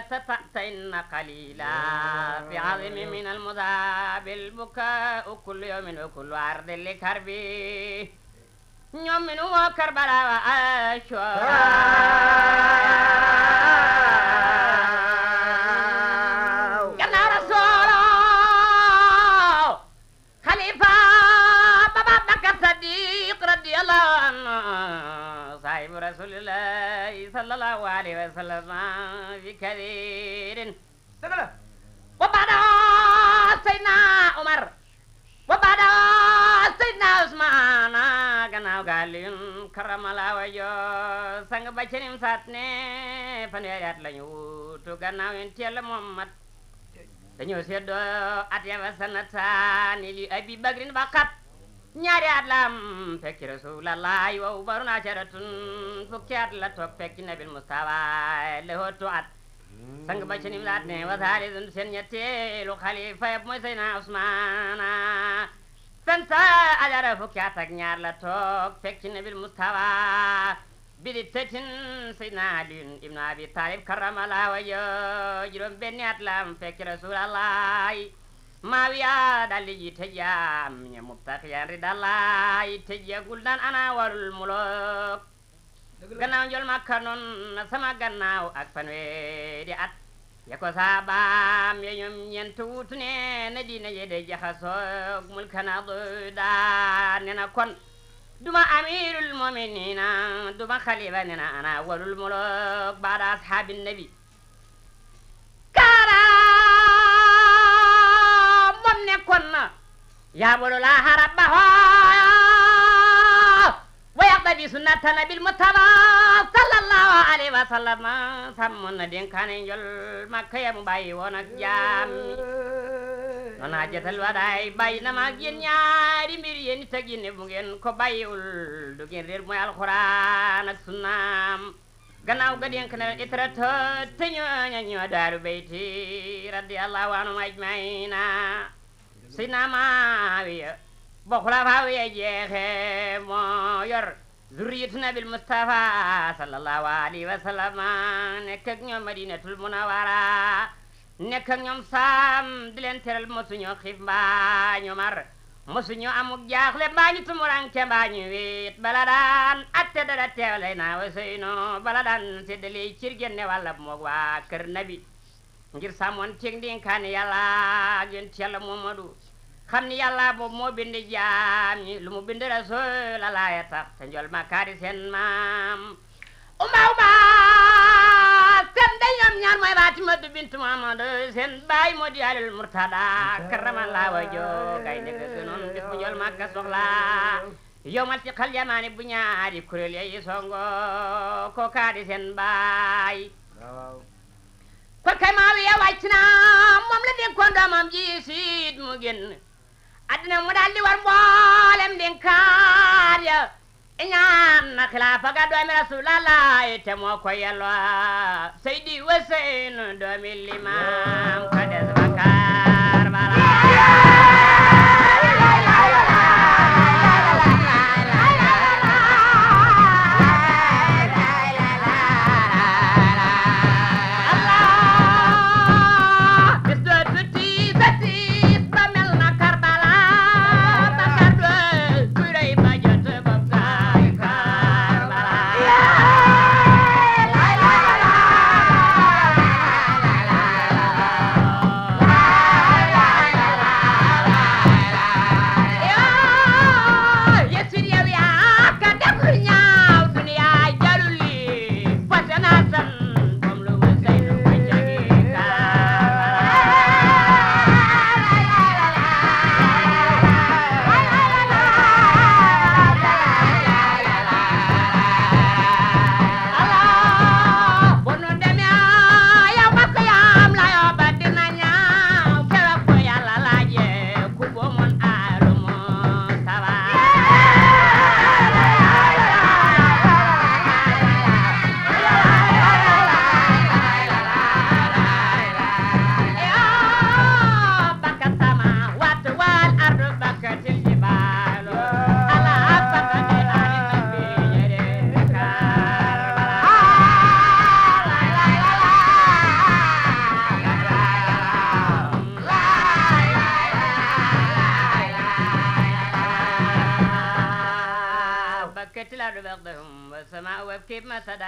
إذا تتأتين قليلا في عظم من المذاب البكاء كل يوم وكل عرض لكربي يوم من هو كربلاء وأشوار كان رسول خليفة بابا بكر صديق رضي الله عنه صاحب رسول الله صلى الله عليه وسلم كبير وبعد سيدنا عمر وبعد سيدنا عثمان gannaaw gàllin karamalaa wajo sang ba cinim saat ne fanweeri at lañu wutu gannaaw yonent Yàlla Muhammad dañoo seddo at ya sanataani li abi bagrin baqat ñaari at la am fekki rasuulallahi wa ubarun asharatun fukki at la toog fekki nabil mustafa le hotu at sang ba ci nim ne wa thaalithun seen ñetteelu xalifa yëpp mooy Seydina Usmaana santa ajara fukki at ak ñaar la toog fekk ci nabil mustawa bi di tëtin Seydina Aliyun ibn Abi Talib karramallahu wajhahu juróom benni at la am fekk Rasulullahi maawiya dalli ji tëjjaam ña mubtaqiyaan ridallaahi tëjjagul daan ana warul muluk gannaaw njol makka noon sama gannaaw ak fanweeri at ya ko saabaam ya ñoom ñeent wutu ne na diina ye de jaxasoog mulkana duda ne na kon duma amirul muminina duma xalifa ne na ana walul baada ashaabi nabi kaara moom ne kon yaabalu laa harab ba ويقتدي سنة نبي المتبع صلى الله عليه وسلم سمو النبي كان ينجل مكة يا مباي ونك جامي noon hajjatal waɗaay bàyyi na ma ak ñaari mbir yéen it ak yéen bu ngeen ko bàyyiwul du ngeen réer mooy alxuraan ak sunnaam gannaaw ga dénk na leen itrata te ñooña ñoo daaru bayti radiyallahu anhum ajmaina si naa maawiya بخلفاء يجيهم ير ذريتنا بالمصطفى صلى الله عليه وسلم نكك نيوم مدينة المنورة نكك نيوم سام دلين ترال مسنيو خيف با نيومر مسنيو أمك جاخل با نيو تمران كبا نيويت بلدان أتى دادا تيولينا وسينو بلدان سيدلي شرجن نوالب مغوا كر نبي ngir samoon ceeg ndinkaane yàlla ak yonent yàlla Muhammadu xam ni yàlla boobu moo bind jaam ñi lu mu bind rasul alaaya tax te njol ma kaari seen maam uma uma seen day ñoom ñaar mooy Faatima du bint Muhammad seen baay moo di alil murtada karaman laa wa joogay nekk gënoon bis bu njol ma ka soxla yow mal ci xal bu ñaari kuréel yi songo ko kaari seen baay kon kay maa wi ya wàcc na moom la dénkoon doomam ji siit mu génn addina mu daldi war mboolem dénkaar ya iñaan na xilaafa ga doomi rasulallah te moo ko yelloo seydi wa seynu doomi limaam ka des bakkaar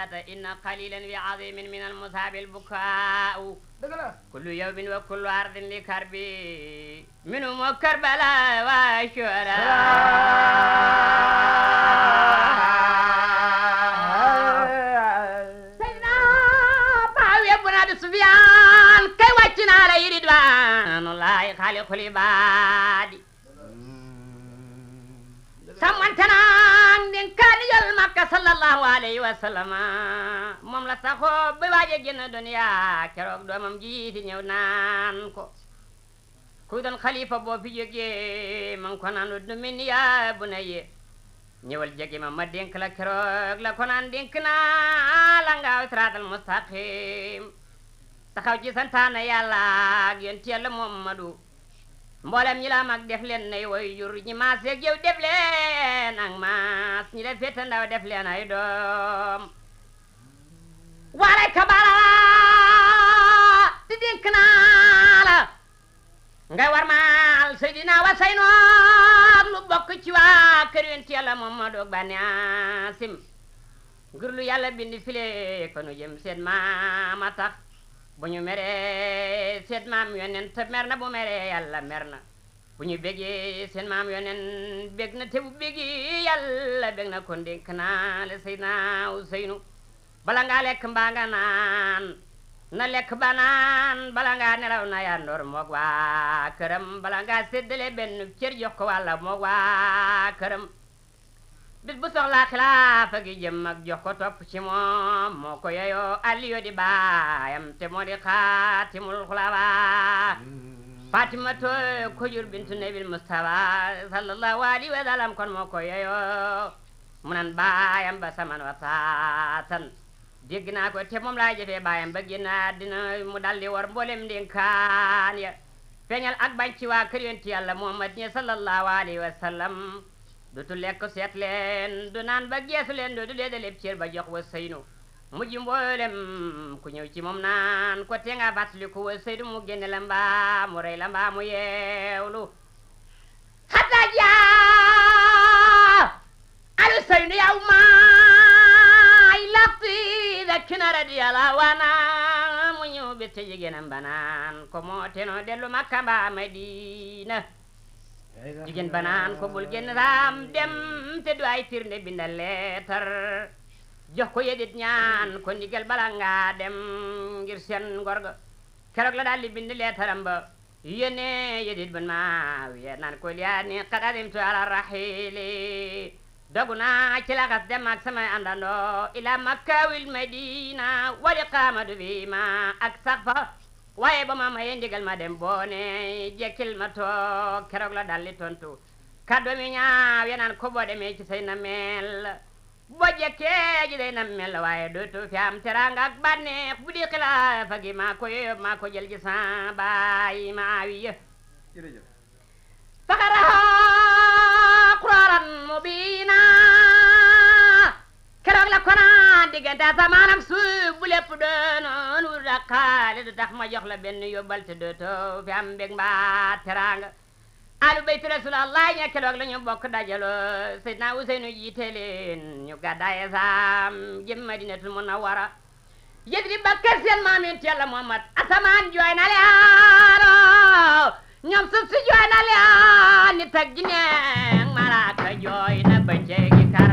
الصلاة إن قليلا بعظيم من المصاب البكاء كل يوم وكل عرض لكربي منهم وكربلاء وشعراء سفيان كي واتنا على رضوان الله خالق العباد سمعتنا ka sallallahu alayhi wa sallam moom la saxoo di ñëw naan ko kuy doon xalifa du min yaa bu na ye ma ma la keroog la ko naan dénk naa la ngaaw siraatal mustaqim taxaw ci santaana yàlla ak yonent yàlla Muhammadu mboolem ñi mag def leen nay way jur ñi maas yeeg yow def leen ak maas ñi la féete def leen ay doom waray kabala di dénk naa la ngay war maal Seydina wa noog lu bokk ci waa kër yonent yàlla moom ma doog bànni asim ngir lu yàlla bindi file ko nu jëm seen bu ñu meree seen maam yonent mer na bu meree yàlla mer na bu ñu bégee seen maam yonent bég na te bu bégi yàlla bég na kon dénk naa la Seydina Useynu bala ngaa lekk mbaa nga naan na lekk ba naan bala ngaa nelaw na yandoor moog waa këram bala ngaa séddale benn cër jox ko wàlla moog waa këram bis bu soxlaa xilaafa gi jëm jox ko topp ci moom moo ko yeyoo aliyo di baayam te moo di xaatimul xulaba mm. fatima to ko jur bintu nabil mustafa sallallahu alayhi wa kon moo ko yeyoo mu nan baayam ba saman wa saatan dégg naa ko te moom laa jëfee baayam ba génna dina mu daldi war mboolem ndénkaan ya feeñal ak bañ ci waa kër yonti yàlla muhammad ne sallallahu alayhi wa dutu lekk seet leen du naan ba geesu leen du du dee da lépp cër ba jox wa sëynu mujj mboolem ku ñëw ci moom naan ko te nga battali ko wa sëynu mu génne la mbaa mu rey la mbaa mu yeewlu xata jaa al sëynu yow maay lappi dakkina radiyala wana mu ñëw bés te jigéenam ba naan ko moo te noo dellu makka mbaa madina jigéen ba naan ko bul génn raam dem te du ay firnde binda leetar jox ko yedit ñaan ko ndigal bala ngaa dem ngir seen ga keroog la daal di bind leetaram ba yéene yedit bun maawiya naan ko liyaa ni qad adimtu ala rahili dogu naa ci laxas dem ak samay àndandoo ila makka wil madina wali qaamadu bi ma ak sax fa waaye ba ma mayee ndigal ma dem boone jekkil ma toog keroog la dalli tontu kaddu mi ñaaw naan ko boo demee ci say na mel boo jekkee ji day na mel waaye dootu fi am teraanga ak bu di xilaafa gi maa ko yóob maa ko jël gi san baay ma keroog la konaan diggante ma jox la benn yóbbal te dootoo fi am mbég teraanga alu bayt rasulallah ña keroog la ñu bokk dajaloo Seydina Useynu jiite leen ñu gàddaaye saam jëm Madinatul Munawwara yëg di ba kër seen maam yonent Yàlla Muhammad asamaan jooy na leen ñoom suuf si jooy na leen nit jooy na bëccëgi kar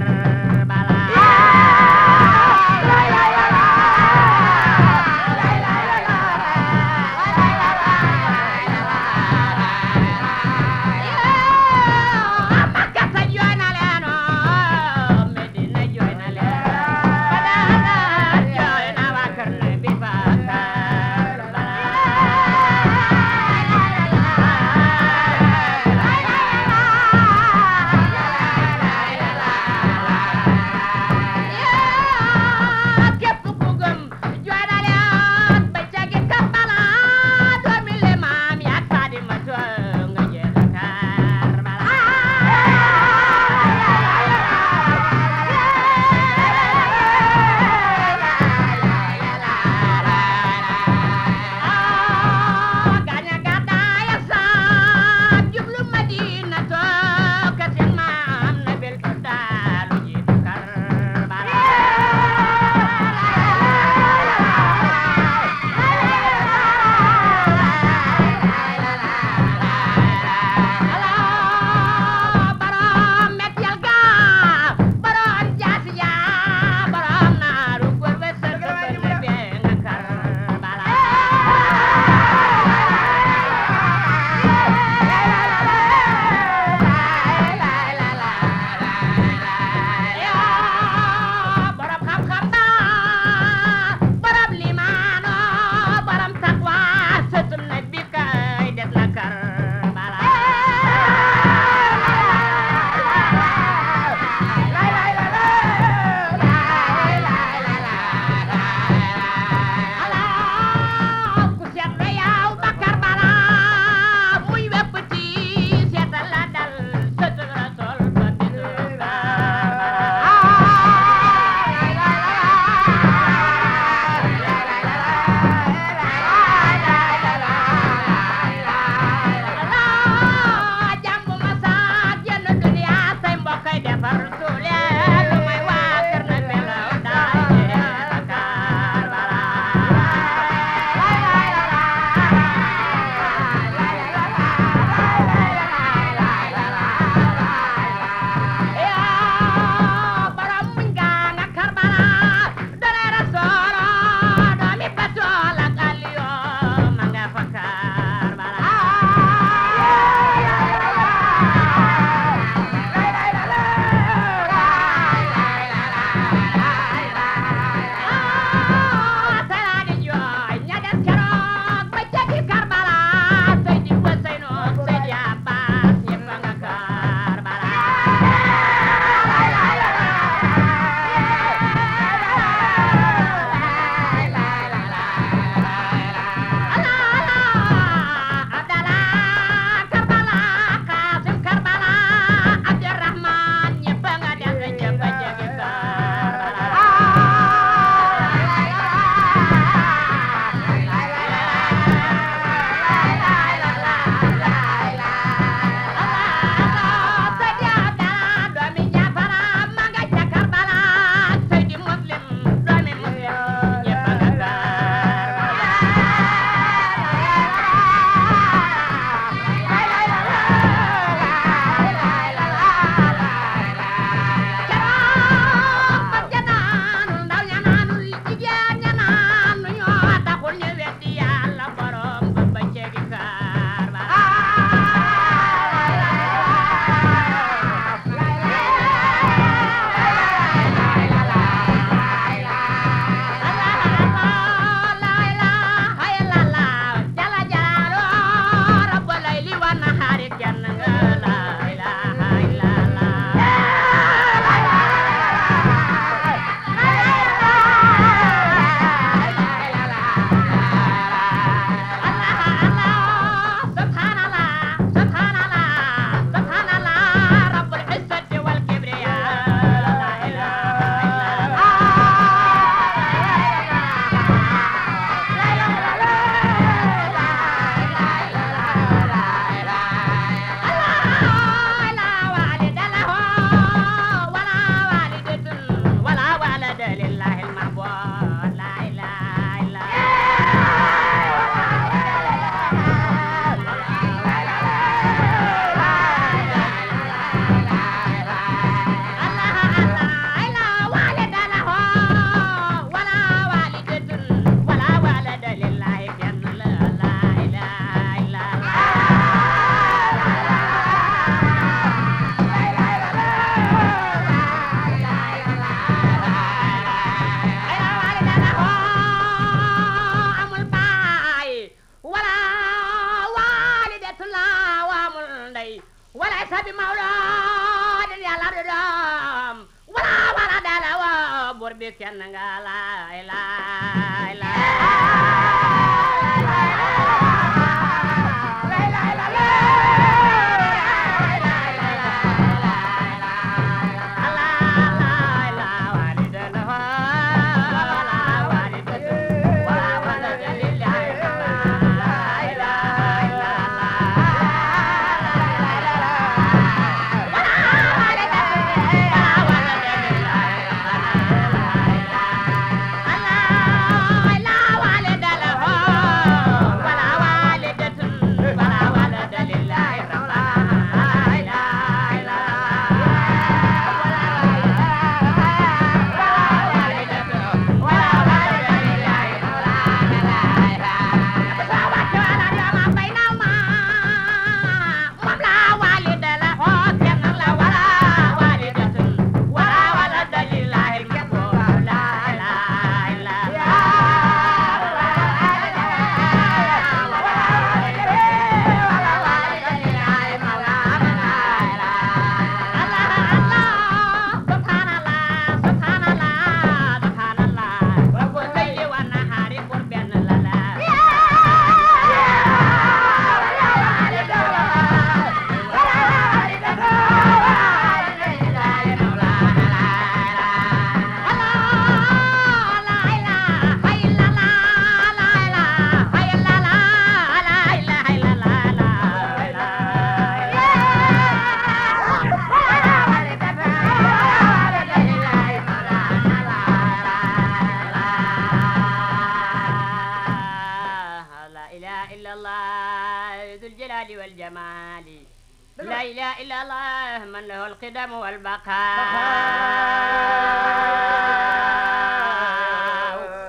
الندم والبقاء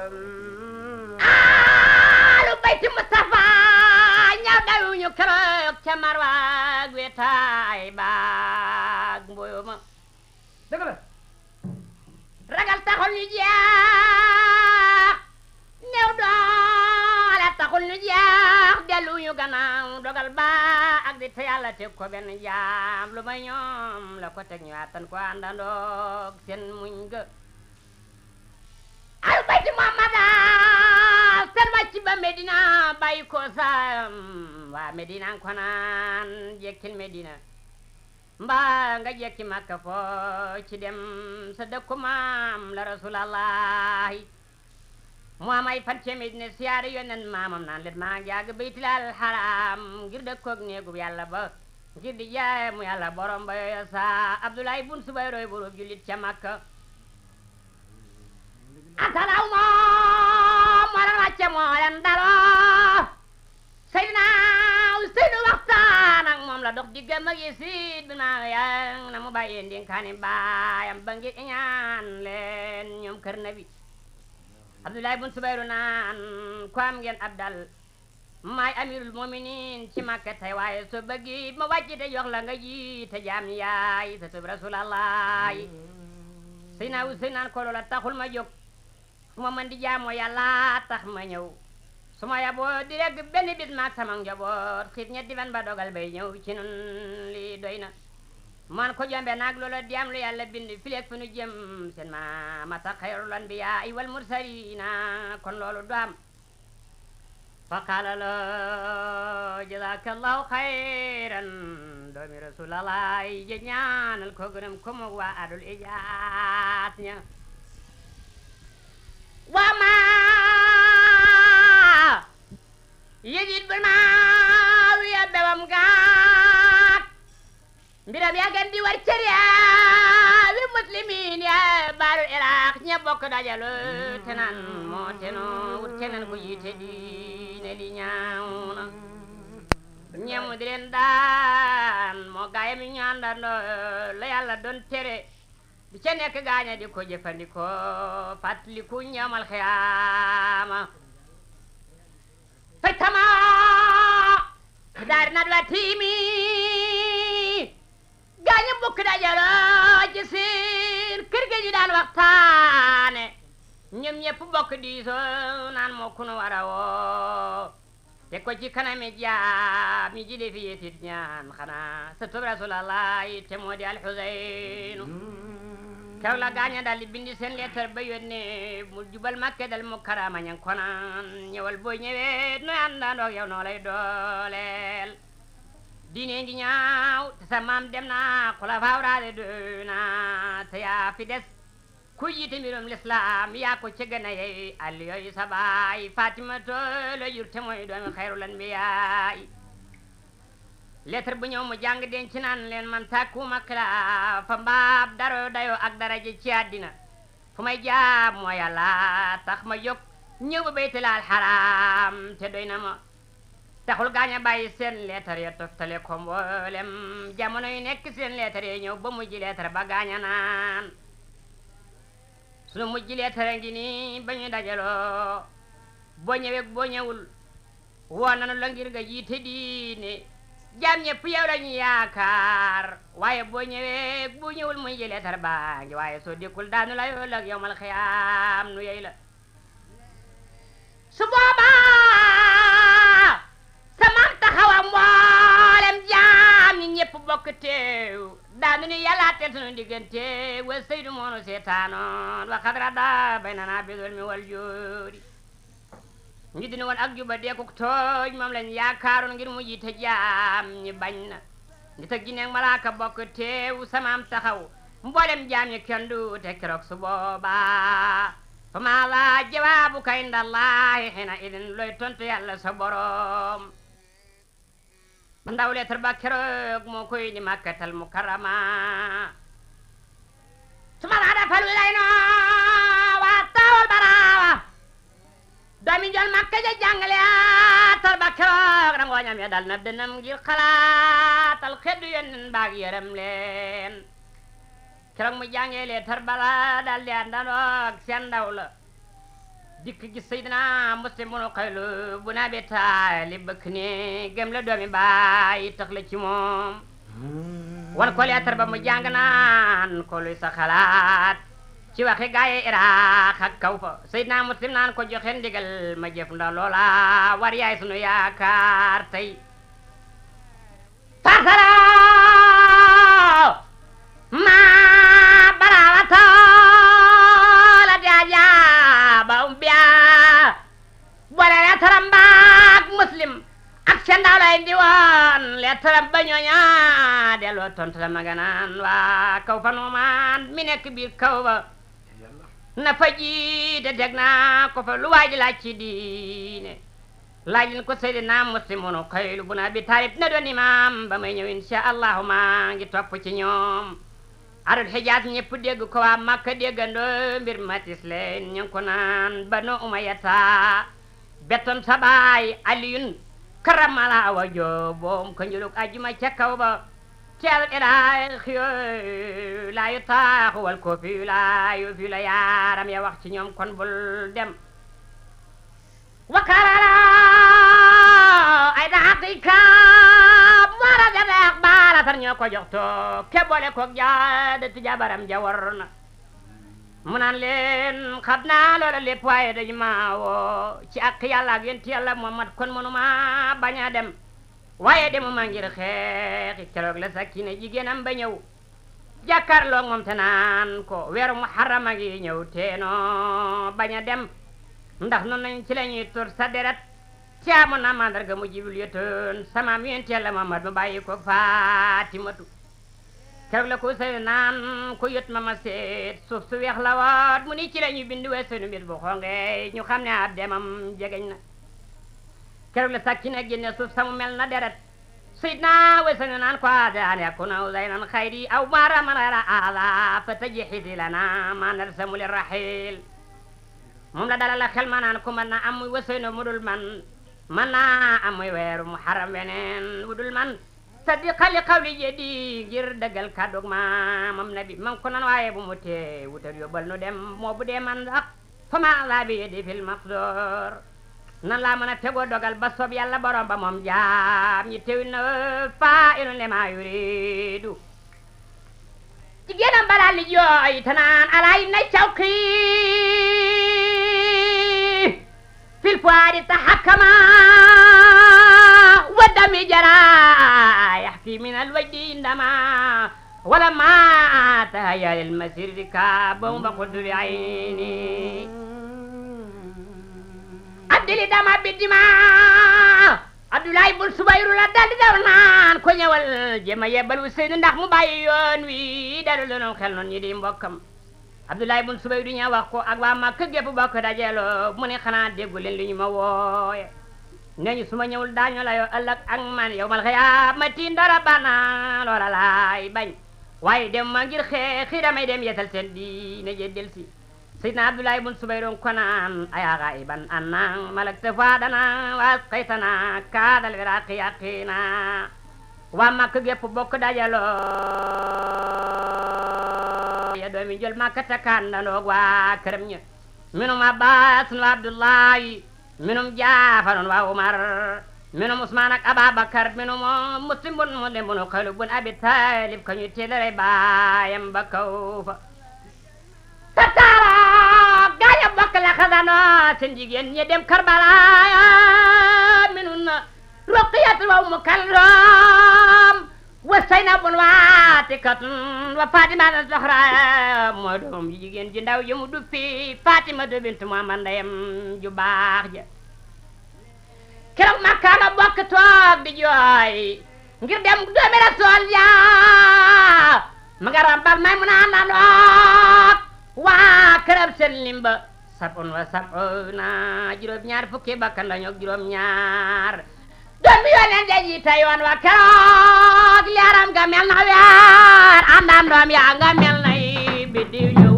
آل بيت مصطفى نيو ديو كروك تمر واق ويتاي باق بوما دقلا رجل تخل نجاح نيو دولا تخل نجاح دلو يو غناو دوغل باق di te yàlla teg ko benn jaam lu may ñoom la ko teg ñu àttan ko àndandoog seen muñ ga albayti Muhammada seen wàcc ba Medina bàyyi ko sam waa Medina ko naan jekkil Medina mbaa nga jekki Makka foo ci dem sa dëkku maam la rasulallahi mu am fan ceemit ne siyaare yonent maamam naan leen maa ngi yàgg baytilal xaraam ngir dëkkoog néegub yàlla ba ngir di jaay mu yàlla borom ba yooyu saa abdoulaye bun subay roy burub jullit ca makka atalaw moom moo leen wàcce moo leen daloo seydina useynu waxtaan ak moom la dox diggam ak yesiid bi naa yang na mu bàyyi ndinkaani baayam ba ngir iñaan leen ñoom kër abdoulaye bun subayru naan ko am ngeen ab dal maay amirul muminin ci màkka tey waaye so bëggi ma wàcc te jox la nga ji te jaam yaay sa tub rasulallaayi sëy naa wu sëy naan ko loola taxul ma jóg fu ma mën di jaamoo yàlla tax ma ñëw su ma yaboo di rek benn bis maag sama njaboot xiit ñetti fan ba dogal bay ñëw ci nun li doy na man ko jombe nag loola diyam lu yàlla bind fileeg fu nu jëm seen maama sax xayrul anbiya wal mursalina kon loolu du am fa qaala la jazakallahu xayran doomi rasulallaahi ji ñaanal ko gërëm ko moog waa adul ijaat ña wa ma yejit bul ma wiya bewam gaa mbiram yaa gën di war cër yaa wi muslimin yaa baalu iraq ña bokk dajalu te naan moo te noo wut keneen ku yiite diine li ñaaw na ñemu daan moo gaayam ñu àndandoo la yàlla doon tere di ca nekk gaaña di ko jëfandikoo fàttaliku ñamal xiyaama fay tama daari na la tiimi gaa ñu bokk dajaloo ci seen kër ga ñu daan waxtaane ñoom ñëpp bokk diisoo naan moo kunu war te ko ci kanami jaam mi jile fi yetit ñaan xanaa sa tub rasulallahi te moo di alxuseynu kaw la gaaña daal bindi seen leetar ba yónnee mu jubal makke mu karaama ñan konaan ñëwal boo ñëwee nooy àndaandoog yow noo lay dooleel diine ngi ñaaw te sa dem na xulafaa raade doy na te yaa fi des ku yiite mbirum lislaam yaa ko ci gën a yey àll yooyu sa baay Fatima la jur te mooy doomi xayrul anbiyaa lettre bu ñëw mu jàng denc naan leen man tàkkuma xilaafa mbaab daro dayoo ak daraje ci àddina fu may jaab mooy yàlla tax ma jóg ñëw ba baytalal xaraam te doy na ma taxul gaañ a bàyyi seen leetar ya toftale ko mboolem jamono yu nekk seen leetar ya ñëw ba mujj leetar ba gaañ a naan sunu mujj leetar a ngi nii ba ñu dajaloo boo ñëwee boo ñëwul woo nanu la ngir nga jiite diine jaam ñëpp yow la ñu yaakaar waaye boo ñëwee boo ñëwul muy ji leetar baa ngi waaye soo dikkul daanu la yoo lëg yow mal nu yey la su boobaa ñëpp bokk teew daanu ni yàllaa diggante wa seydu moonu seetaanoon wa daa bay nanaa bidol mi wal joori ñu ak juba deekuk tooj moom lañ yaakaaroon ngir mu jiite jaam ñi bañ na nit jinne malaaka bokk samaam taxaw mboolem jaam ñi kenn du te keroog maa laa jawaabu kay ndallahi idin looy tontu yàlla sa boroom ma ndaw leetar ba keroog moo ko yónni Makkatal Mukarrama suma laada fal wilay no waa taawal baraawa doomi jol Makka ja jàngale tar ba keroog rangooñam ya dal na dënam ngir xalaatal xeddu yónnen baag yërëm leen keroog mu jàngee leetar bala dal di àndandoo la dikk gi seydina muslimun xaylu bu naa bi taali bëkk ni la doomi baay tax la ci moom hmm. wan ko leetar ba mu jàng naan ko luy sa xalaat ci waxe gaaye iraq ak kaw fa seydina muslim naan ko joxe ndigal ma jëf loola war yaay sunu yaakaar tey tarsala ma barawata arab ba ñooña ma nga naan waa kaw fa nuumaan mi nekk biir kaw ba na fa jiite deg naa ko fa lu waaj laaj ci diine laaj leen ko Seydina Muslimun Xayl bu Abi Taalib na doon imaam ba may ñëw insha allahu maa ngi topp ci ñoom arul xijaas ñëpp dégg ko waa Makka déggandoo mbir matis leen ñu ngi ko naan ba nu umayata bettoon sa baay Aliyun karamala wa jobom kanjuluk ajma cakawba cal ilahi xiyo la yu taaxu wal ko fi la fi la yaram ya wax ci ñoom kon bul dem wa ay da xaqiqa mara da da axbaara tar ñoo ko jox to ke ti jabaram ja mu naan leen xam naa loola lépp waaye dañu maa woo ci ak yàlla ak yent yàlla Muhammad kon mënuma bañ a dem waaye demuma ngir xeexi keroog la Sakina jigéenam ba ñëw jàkkaarloo moom te naan ko weeru Muharram a ngi ñëw teenoo bañ a dem ndax noonu nañ ci la ñuy tur sa deret ci amoon na mandarga mu Jibril yettoon sama yent yàlla Muhammad mu bàyyi ko Faatimatu tew la ko ku yët ma ma seet suuf weex la waat mu ni ci la ñu bind wee sunu mbir bu xonge ñu xam ne ab demam jegeñ na keroog la sàcc na génne suuf samu mel na deret sidna wee sunu naan ko adaan yakku na am muy mu dul man mën naa am muy mu xaram weneen wu dul sadiqa li qawli jedi ngir dëggal kàddug maamam nabi man ko nan waaye bu mu tee wutal yóbbal nu dem moo bu dee man ak fama la bi yedi fil maqdur nan laa mën a tegoo dogal ba soob yàlla borom ba moom jaam ñi teew na faa ilu lema yuridu jigéenam balaa li jooy tanaan alaay na cawki fil fuwaadi tahakkama والدم جرى يحكي من الوجه اندما ولما تهيا للمسير ركاب وقلت بعيني عبد لدما بالدماء عبد الله بن سبير لا دال دورنان كو نيوال جيما يبل وسين ndax mu bayyi yoon wi dalu lonu xel non ñi di mbokam abdoulaye bun subayru ña wax ko ak waa màkk gépp bokk dajelo mu ne xanaa déggu leen li ñu ma wooye ne ñu su ma ñëwul daañu la yoo ëllëg ak man yow mal xiyaamati ndara bana loola laay bañ waaye dem ma ngir xeexi damay dem yeesal seen diine je delsi sayyidina abdullahi bun subayron konan aya gaiban annan malakta fadana wasqaytana kadal wiraqi yaqina wa makka gépp bokk dajalo ya doomi jël makka takan nanoog waa këram ña minum abbas nu abdullahi minum jaafarun wa umar minum usman ak ababakar minum muslim muslim bun xalib bun abi kañu teelare baayam ba kaw fa tattara gaaya bokk la xadano jigéen ñi dem karbala minun ruqiyat wa umu وسينب واتكة وفاطمة الزهراء mooy doom ji jigéen ji ndaw ji mu duppi Fatima de bint Muhammad ndeyam ju ja keroog Makka la bokk toog di jooy ngir dem doomi Rasuul ja ma nga may mu naan la noog waa këram seen limba sabon wa sabona juróom ñaar fukki bakkan lañu ak juróom ñaar yoon bi yoon leen de jiite yoon wa keroog leeram ga mel na weer àndandoom yaa nga mel na yi biddiw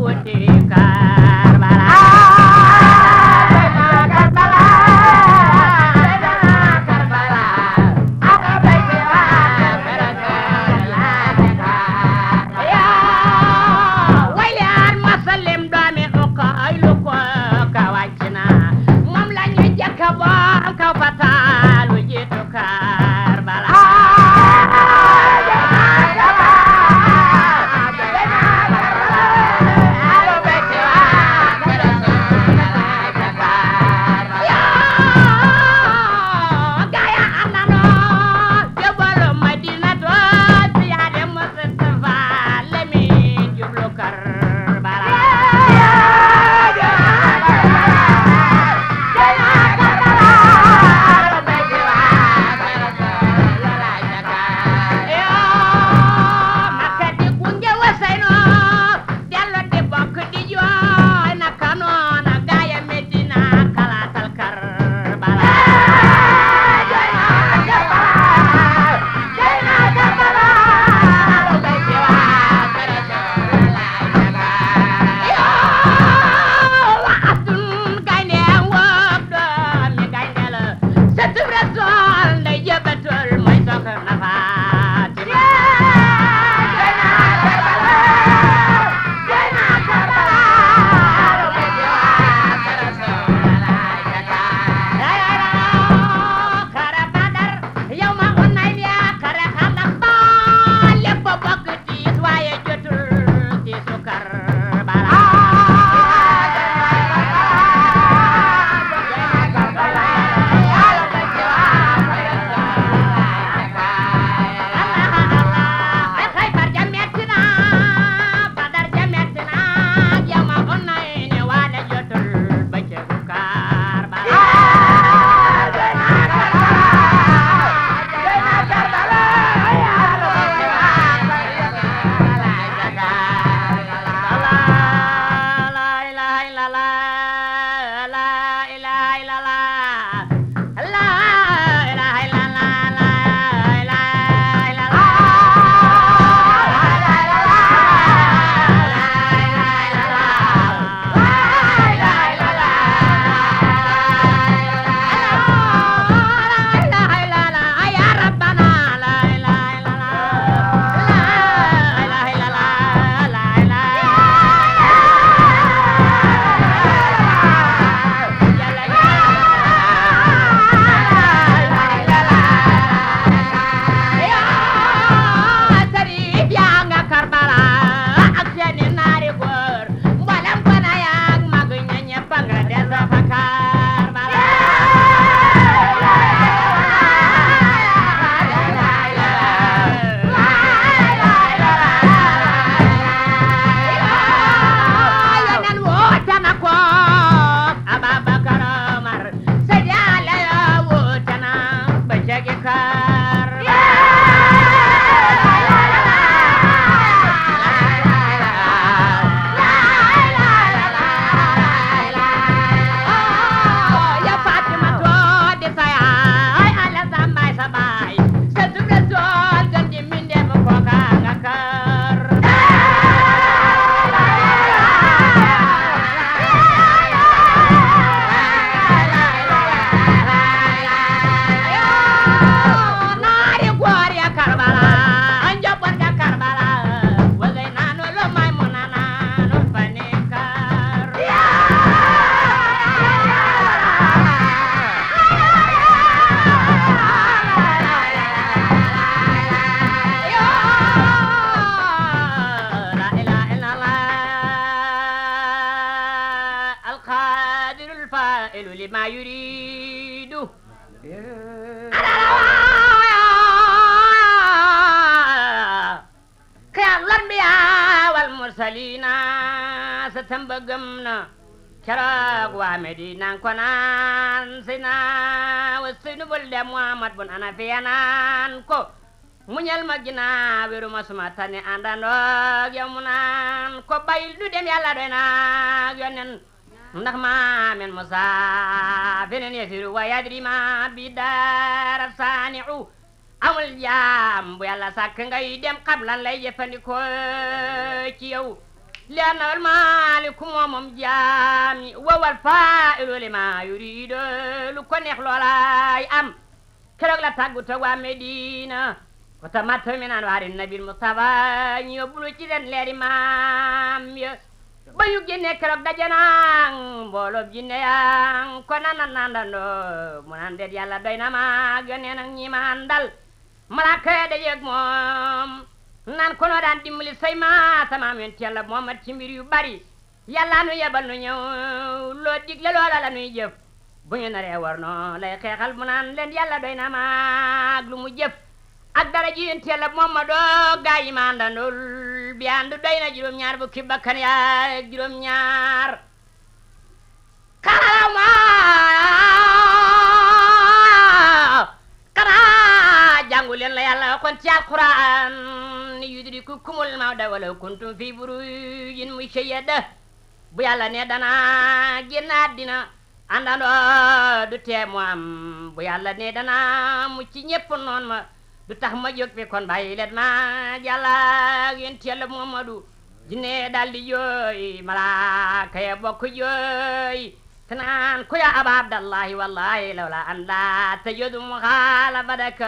nan ko naan si na wasinu bul dem Muhammad bun Hanafiya nan ko muñal ma gina wéruma suma tane àndandoog yow mu naan ko bayil du dem yàlla doy naag yonnen ndax ma men Musa fenen yasiru wa yadri ma bi daara saani'u amul jaam bu yàlla sàkk ngay dem xablan lay jëfandikoo ci yow لأن المالك مومم جامي وهو الفاعل لما يريد lu ko neex loolaay am keroog la tàggute waa Medina ko tamattu mi naan waari nabil Mustafa ñu yóbbulu ci seen leeri maam ya ba ñu génne keroog dajanaan mbooloo jinne yaa ko naan naan dandoo mu naan déet yàlla doy na ma gënee nag ñi ma àndal malaaka dajeeg moom naan konoo daan dimbali say ma sama yonent yàlla Muhammad ci mbir yu bari yàlla nu yebal nu ñëw loo digle loola la nuy jëf bu ñu naree war lay xeexal mu naan leen yàlla doy na maag lu mu jëf ak dara ji yonent yàlla Muhammad doo gaa yi ma àndandul bi ànd doy na juróom-ñaar fukki bakkan yaa juróom-ñaar karama xanaa jàngu leen la yàlla waxoon ci alquran yudrikukumul mawda walaw kuntum fi burujin mushayyada bu yàlla ne danaa génn àddina àndandoo du tee am bu yàlla ne danaa mucc ñépp noon ma du tax ma jóg fi kon bàyyi leen ma jàlla yonent yàlla Muhammadu jinne daldi jooy malaaka ya bokk jooy اثنان كويا أبا عبد الله والله لولا أن لا تجد مخالفتك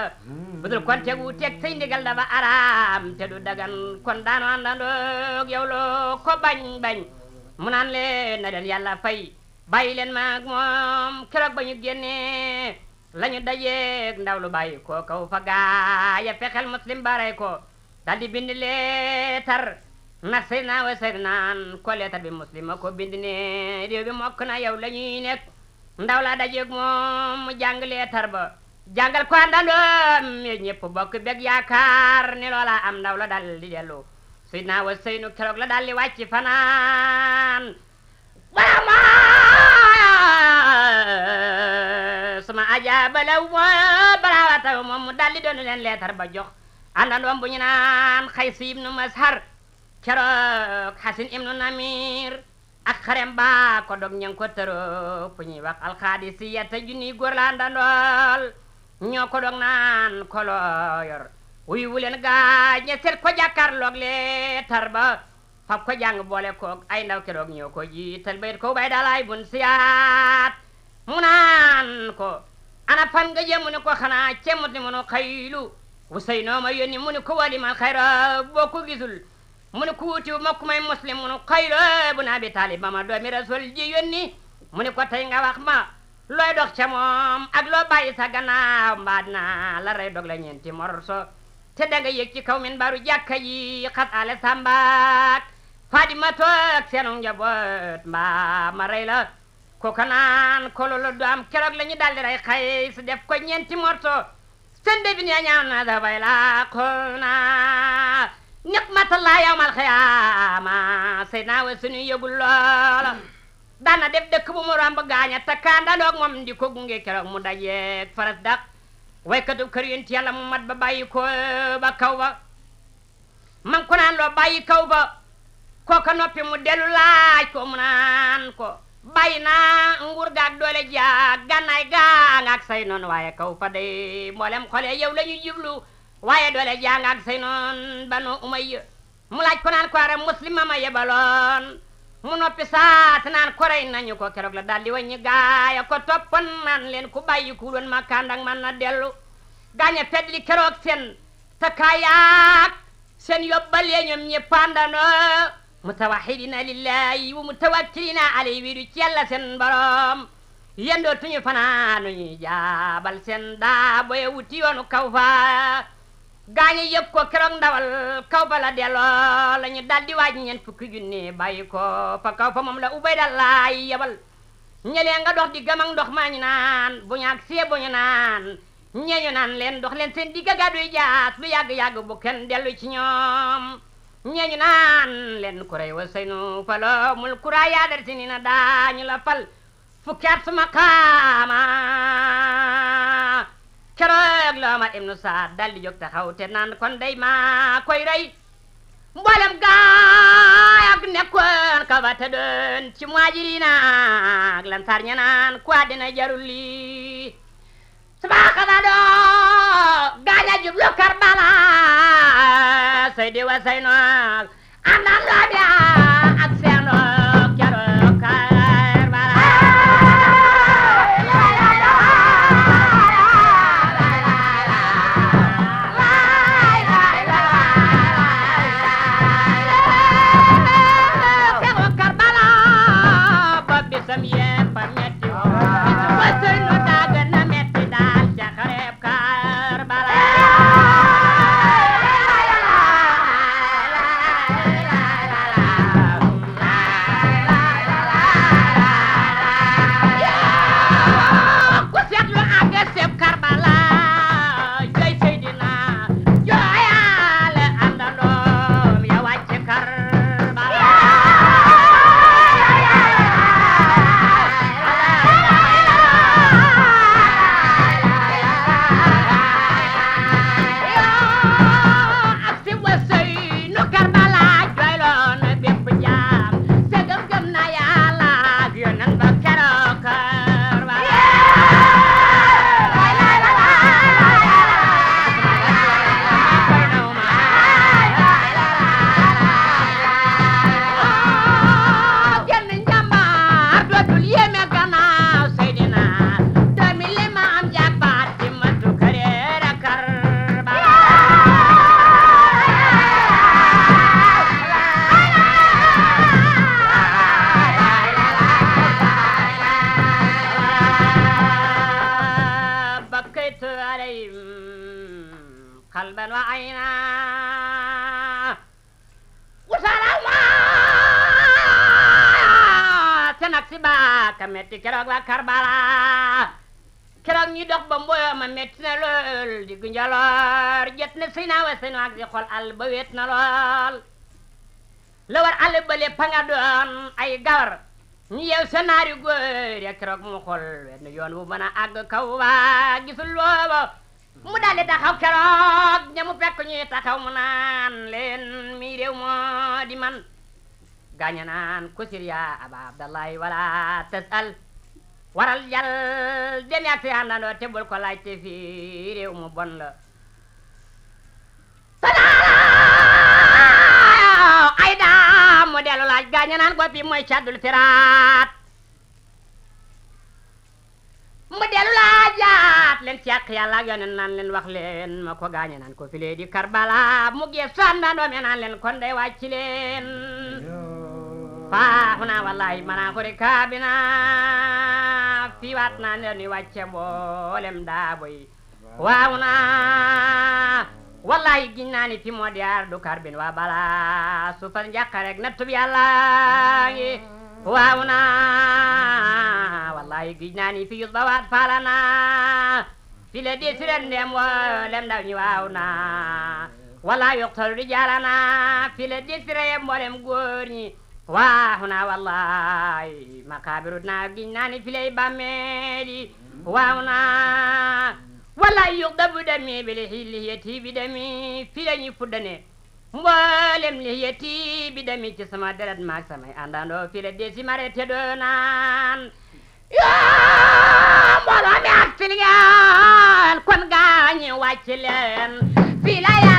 budul kon tegu teg tey ndigal dafa araam te du dagan kon daanu àndandoog yow loo ko bañ bañ mu naan leen na leen yàlla fay bàyyi leen maag moom keroog ba ñu génnee la ñu dajeeg ndaw lu bàyyi ko kaw fa gaaya fexeel muslim baray ko daldi bind leetar merci naa wërsëg naan ko leetar bi muslim a ko bind ne réew bi mokk na yow la ñuy nekk ndaw laa dajeeg moom mu jàng leetar ba jàngal ko àndandoom yéen ñëpp bokk bég yaakaar ni loola am ndaw la dal di dellu suy naa wërsëy nu keroog la dal di wàcc fanaan wama suma ajabala wa barawataw moom mu dal di doon leen leetar ba jox àndandoom bu ñu naan Xays ibnu Mashar keroog xasin ibnu namir ak xarem ko dog ña ko tëroo fu ñuy wax alxaadisiya te junniy góor laa ndandool ñoo ko dog naan ko looyor wuy wuleen gaa ña seet ko jàkkaarloog le tar ba ko jàng boole koog ay ndaw keroog ñoo ko jiital bayit ko bay daalaay bun siyaat mu naan ko ana fan nga jëm mu ne ko xanaa cemut ni munu xaylu Useynu ma yónni mu ko walimal xayra boo gisul mu ne ku wuti mokk may muslim mu ni mu ne ko tey nga wax ma looy dox ca moom ak loo bàyyi sa gannaaw mbaa dinaa la rey dog la ñeenti mor te da nga yëg ci kaw baru jàkka yi xat ale sàmbaak Faadima toog seenu njaboot mbaa ma rey la kooka naan kololo du am keroog la ñu daldi rey xay si def ko ñeenti morto sende bi ne ñaan da bay la ko naa ñaqmata laa yawmal xiyaama sey naa we suñu yëgul loola daana def dëkk bu mu romb gaaña takkaandaloog moom di ko gunge keroog mu dajeeg faras daq waykatu kër yonent yàlla mu mat ba bàyyi ko ba kaw ba man ko naan loo bàyyi kaw ba kooka noppi mu dellu laaj ko mu naan ko bàyyi naa nguur gaag doole jaag gànnaay gaa ngaak say noonu waaye kaw fa day mboolem xole yow la ñuy waaye doole jàngaak say noon banu umay mu laaj ko naan koare muslim ma yebaloon mu noppi saat naan korey nañu ko keroog la daldi waññi gaaya ko toppoon naan leen ku bàyyi ku doon makkaandak man na dellu gaaña pedli keroog seen takaayaak seen yobbal yee ñoom ñëpp àndandoo mutawahidina lillahi wa mutawakkilina alayhi wiidu ci yàlla seen borom yendoo tuñu fanaanuñu jaabal seen daa boye wuti yoonu kaw fa gaa gaañu yëg ko keroog ndawal kaw ba la delloo la ñu daal di waaj ñeent fukki junni bàyyi ko fa kaw fa moom la ubay dal laay yebal ñelee nga dox di gamang ndox maa ñu naan bu ñaag see bu ñu naan ñeeñu naan leen dox leen seen digga gàdduy jaas lu yàgg-yàgg bu ken dellu ci ñoom ñeeñu naan leen ku rey wa saynu mul kuraa yaadar si ni na daañu la fal fukki at suma kaama keroog la Omar ibnu Saad daldi jóg taxaw te naan maa koy mboolem gaay ak nekkoon ka fa te doon ci muhajiriina ak lansaar ña naan ku àddina jarul lii subaa xasaadoo gaay a jublu Karbala say di wa say noog àndandoo bi ak wasalama te nag si baaka metti keroog la karbala keroog ñi dox ba mboyo ma metti na lool diggu njaloor jet na sëy naa wa sëy xool àll na lool la war àll bale doon ay gawar ñu yeew sa naari góor ya keroog mu xool wet na yoon wu mën a àgg kaw waa gisul looba mu daal di taxaw keroog ña mu mu naan leen mi réew moo di man gaaña naan kusir ya aba abdallahi wala tasal waral jal dem yaag si àndandoo te bul ko laajte fii réew mu bon la sanaa ay daa mu dellu laaj gaaña naan gopi mooy caddul siraat mu dellu laa jaat ci àq yàlla ak yoneen naan leen wax leen ma ko gaañe naan ko file di Karbala mu gees saan doome naan leen kon day wàcc leen faaxu naa wallahi manaa ko di kaabina fii waat naa ne ni wàcce mboolem daa boy waaw naa wallahi giñ naa fi moo di aar du karbin waa bala su fa njàqa rek na tub yàlla waaw naa wallahi gij naa ni fii dawaat faala naa fi le di siren ndem woo wallahi yoxtal rijaala fi le di sire yem mboolem góor wallahi makaabiru naa gij naa fi lay bàmmeeli waaw wallahi yox dabu demi bi le xilli yeti bi demi fi le ñi fuddane mboolem li yetti bi demi ci sama deret maak samay àndandoo fi la desi mare te doo naan yoo mbooloo mi ak Sénégal kon gaañi wàcc leen fi la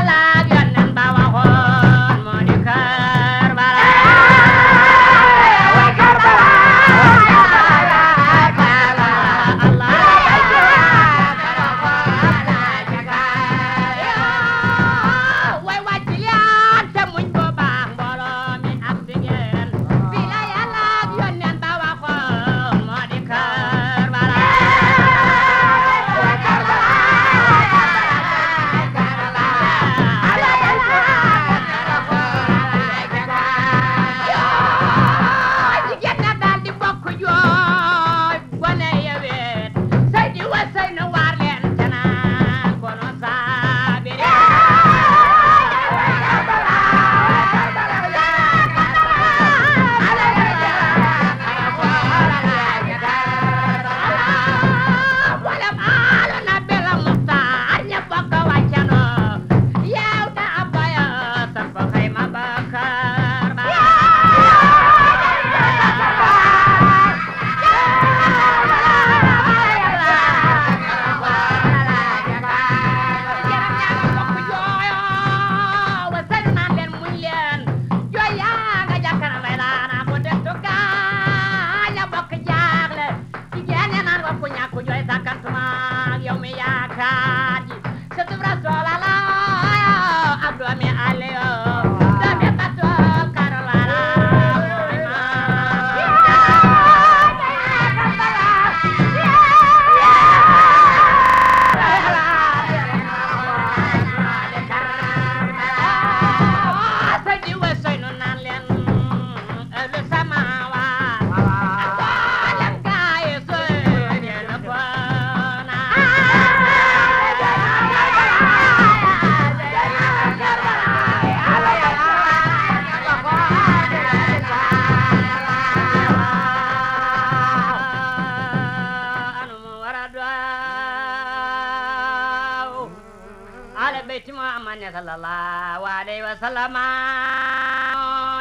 alayhi wa sallama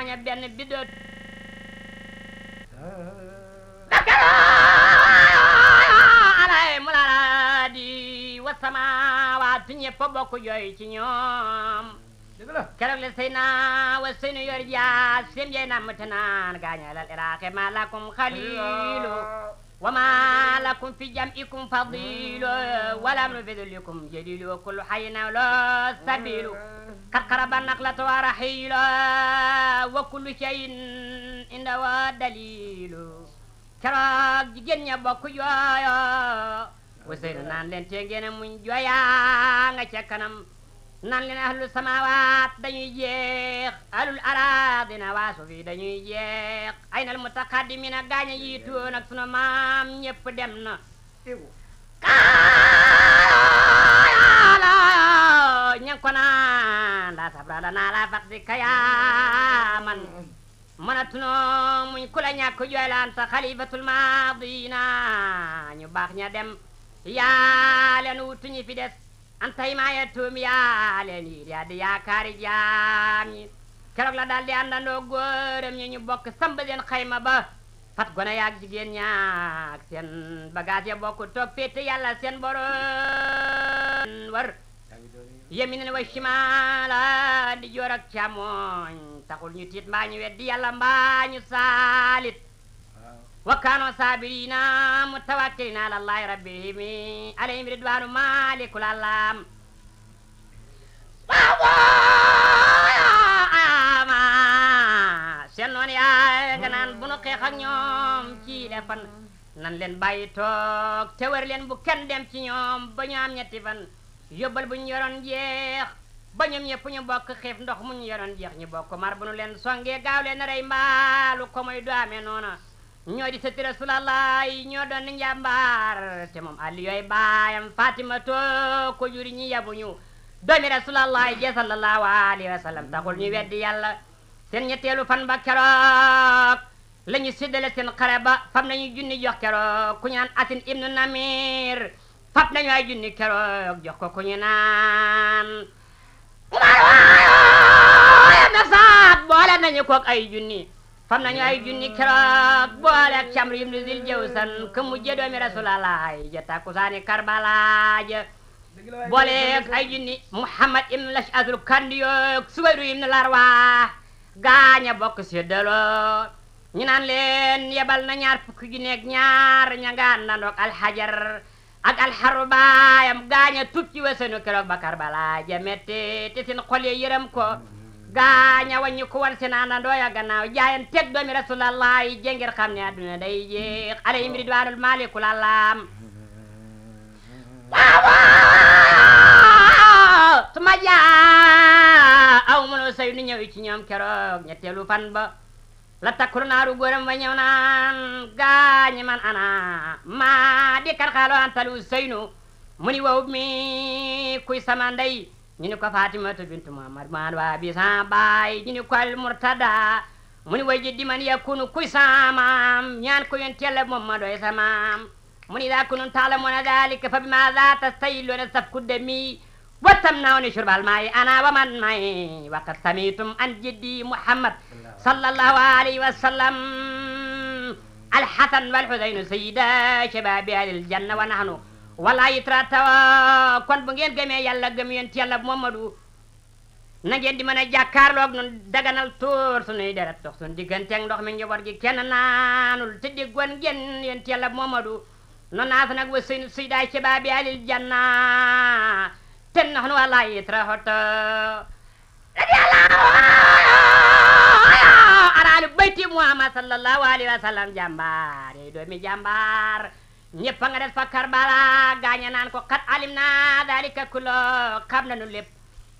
ña benn bi doon dakaro alay jooy ci ñoom keroog la sëy na wa nu yor jaa seen yey nam te naan gaañalal iraqe ma lakum وما لكم في جمعكم فضيل ولا من بذلكم جليل وكل حينا لا سبيل قد قرب النقلة ورحيلا وكل شيء عنده دليل keroog jigéen ña bokk jooyo wasay naan leen te ngeen muñ jooya nga ca kanam nan leen ahlul samawaat dañuy jeex alul araadina waa suuf yi dañuy jeex gaaña yiitoon ak sunu maam ñépp dem na kaala ña ko naan daa sabra la naa laa fat di kayaaman mënatunoo muñ ku la ñàkk jooylaan sa xalifatul maadina ñu baax ña dem yaa leen wutuñu fi des antay maa ya tuum yaa leen yaa di yaakaari jaam yi keroog la daal di àndandoo góoram ñu ñu bokk samb seen xayma ba fat gone yaag jigéen ñaak seen bagage ya bokk toog féete yàlla e seen borom war yemine wa shimaala di joor ak càmmoñ taxul ñu tiit mbaa ñu e weddi yàlla mbaa ñu saalit وكانوا صابرين متوكلين على الله ربهم عليهم رضوان مالك العلام seen noon yaa nga naan bu nu xeex ak ñoom ci le nan leen bàyyi toog leen bu kenn dem ci ñoom ba ñu ñetti ban yóbbal bu ñu yoroon jeex ba ñoom ñëpp ñu bokk xiif ndox mu ñu yoroon jeex ñu bokk mar bu nu leen songee gaaw leen rey mbaalu ko moy amee noona ñoo di sëtti rasulallaay ñoo doon njàmbaar te moom àlli yooyu baayam fatimatu ko juri ñi yabuñu doomi rasulallaay jee sallallahu alayhi wa sallam taxul ñu weddi yàlla seen ñetteelu fan ba keroog la ñu séddale seen xare ba fab nañu junni jox keroog ku ñaan atin ibnu namir fab nañu ay junni keroog jox ko ku ñu naan umar waayo nafsaat boole nañu koog ay junni fam nañu ay junni keroog boole ak camr yum ni zil jawsan ke mujje doomi rasulallah ja takkusaani karbala ja booleeg ay junni muhammad ibn lash azru kandiyoog subayru ibn larwa gaaña bokk séddaloo ñu naan leen yebal na ñaar fukki junneeg ñaar ña nga nandoog alxajar ak alxaru baayam gaaña tub ci wasanu keroog ba karbala ja metti te seen xol yërëm ko gaaña waññi ku war si naana ndooya gannaaw jaayan teg doomi rasulallahi jengir xam ne adduna day jeex alayhim oh. ridwanul malikul alam suma jaa aw mënoo say nu ñëw ci ñoom keroog ñetteelu fan ba la takkul naaru góoram ba ñëw naan gaañi man ana maa di kan xaaloo antalu saynu mu ni wow mi kuy sama ndey ñu ni ko fatimata bintu muhammad maan waa bi san baay ñu ni ko al murtada mu ni way jiddi man yakunu kuy samaam ñaan ko yon tella moom ma doy samaam mu ni daa kunun taalamuna dalika fa bima za tastahiluna safku demi وتمنعون شرب الماء انا ومن معي وقد سمعتم عن جدي محمد صلى الله عليه وسلم الحسن والحسين سيدا شباب اهل الجنه ونحن wala yitra tawa kon bu ngeen gëmee yàlla gëm yonent yàlla Muhammadu na ngeen di mën a jàkkaarloog nun daganal tóor sunuy deret dox sunu digganteeg ndox mi njaboot gi kenn naanul te déggoon ngeen yonent yàlla Muhammadu non naas nag wa sëy suy daay ci baabi alil janna ten nax nu wala yitra hota araali bayti sallallahu alayhi wa sallam jàmbaar doomi jàmbaar ñëpp a nga def fa karbala gaaña naan ko kat alim na dalika kullo xam nañu lépp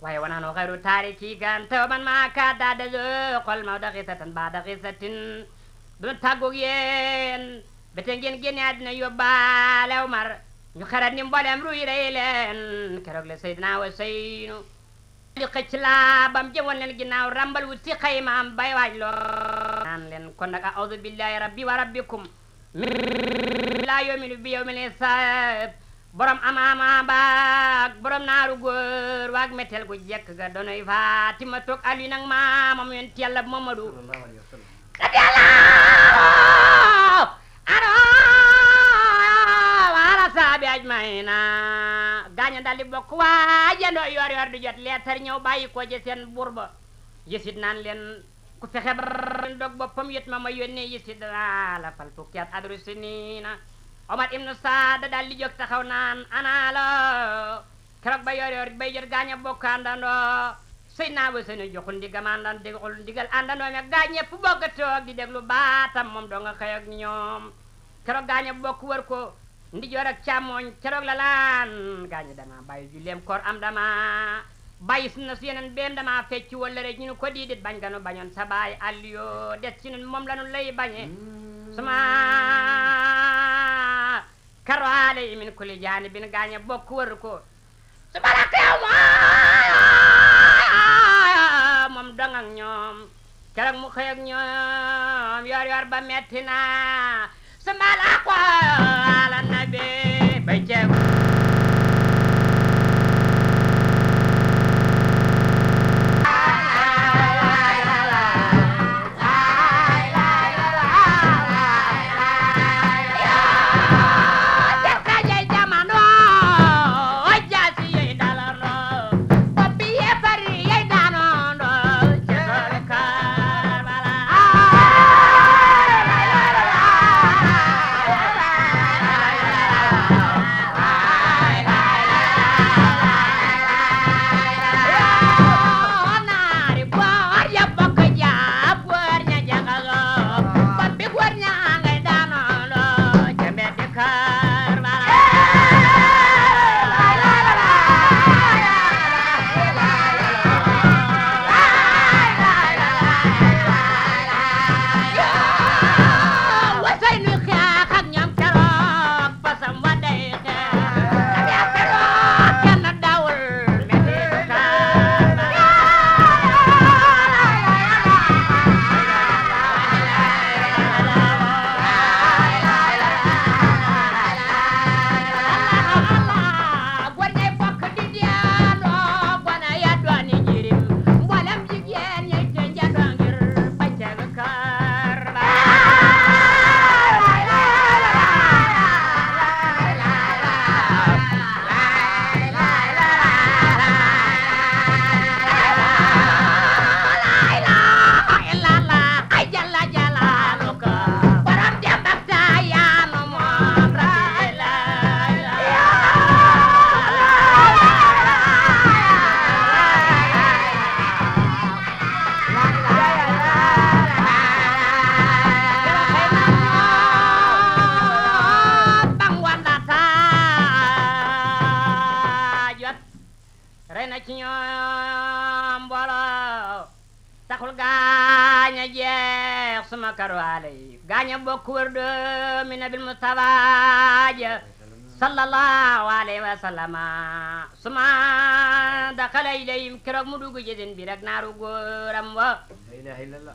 waaye wanaanu xayru taariki gan taw man maa ka daa dajoo xol maw da xisatan baa da xisatin duna tàggoog yéen bete ngeen génne àddina yóbbaale Umar ñu xarat ni mboolem ruy rey leen keroog la Seydina wa Seynu di xëcc laa bam jëmoon leen ginnaaw rambal wut si xaymaam bay waaj loo naan leen kon nag a'udhu billahi rabbi wa rabbikum laa yominu bi yow mi ne saab borom amaama baag borom naaru góor waag metel gu ga donoy Fatima toog Ali nag maamam yonent Yàlla Mamadu radiyallahu anhu wala saabi ajmaina gaaña daal di bokk waajandoo yor yor du jot leetar ñëw bàyyi ko ja seen buur ba yësit naan leen ku fexe baril dog boppam yët ma ma yónnee yi si dara la fal fukki at omar ibnu saada daal di jóg taxaw naan anaa la keroog ba yor yor bay jot gaañ bokk àndandoo sëy naa ba sëni joxul ndigam àndan dégul ndigal àndandoo ña gaañ ñëpp toog di déglu baatam moom doo nga xëy ak ñoom keroog gaañ bokk wër ko ndijoor ak keroog la laan gaañu dama bàyyi julleem koor am dama bayis na si yeneen benn damaa fecci wala rek ñu ne ko diidit bañ ganu bañoon sa baay alliyoo des ci nun moom lanu lay bañee mm. suma karoale yi min kuli jaani bin gaañe bokk wër ko su bala keew moom dong ak ñoom keroog mu xëy ñoom yor yor ba metti na su bala ko ala وسلم ثم دخل إليهم كرم مدوغ جدن بيرك نارو غورم و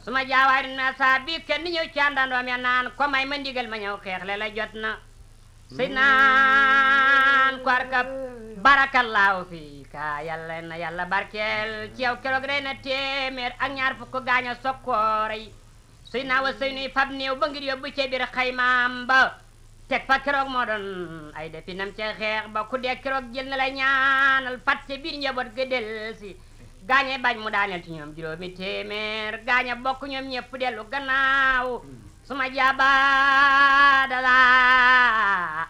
ثم جاوار الناس بي كن نيو چاندان ومي نان كو ماي من ديگل ما نيو خيخ لا جوتنا سينان كواركب بارك الله فيك يلا يلا باركل تيو كروغ رينا تيمير ak ñaar fukk gaña sokoray seyna wa seyni fab néew ba ngir yóbbu ci biir xaymaam ba teg fa keroog moo doon ay defi nam ca xeex ba ku dee keroog jël na la ñaanal fat si biir njaboot ga del si gaañe bañ mu daaneel ci ñoom juróomi téeméer gaañe bokk ñoom ñëpp dellu gannaaw suma jaabadala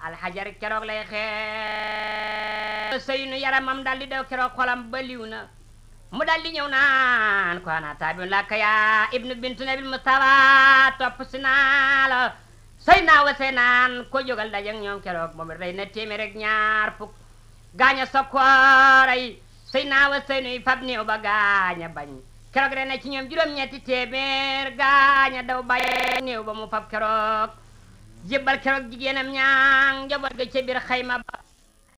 alxajar keroog lay xeex sëynu yaramam daal di daw keroog xolam baliw na mu daal di ñëw naan ko ana tabiun la kaya ibnu bintu nabil mustafa topp si naa say naawa see naan ko jógal dajeng ñoom keroog moom rey na téeméer rek ñaar fukk gaaña sokkooray say naawa say nuy fab néew ba gaaña bañ keroog rey na ci ñoom juróom-ñetti téeméer gaaña daw baye néew ba mu fab keroog jébbal keroog jigéenam ñaang njaboot ga ca biir xayma ba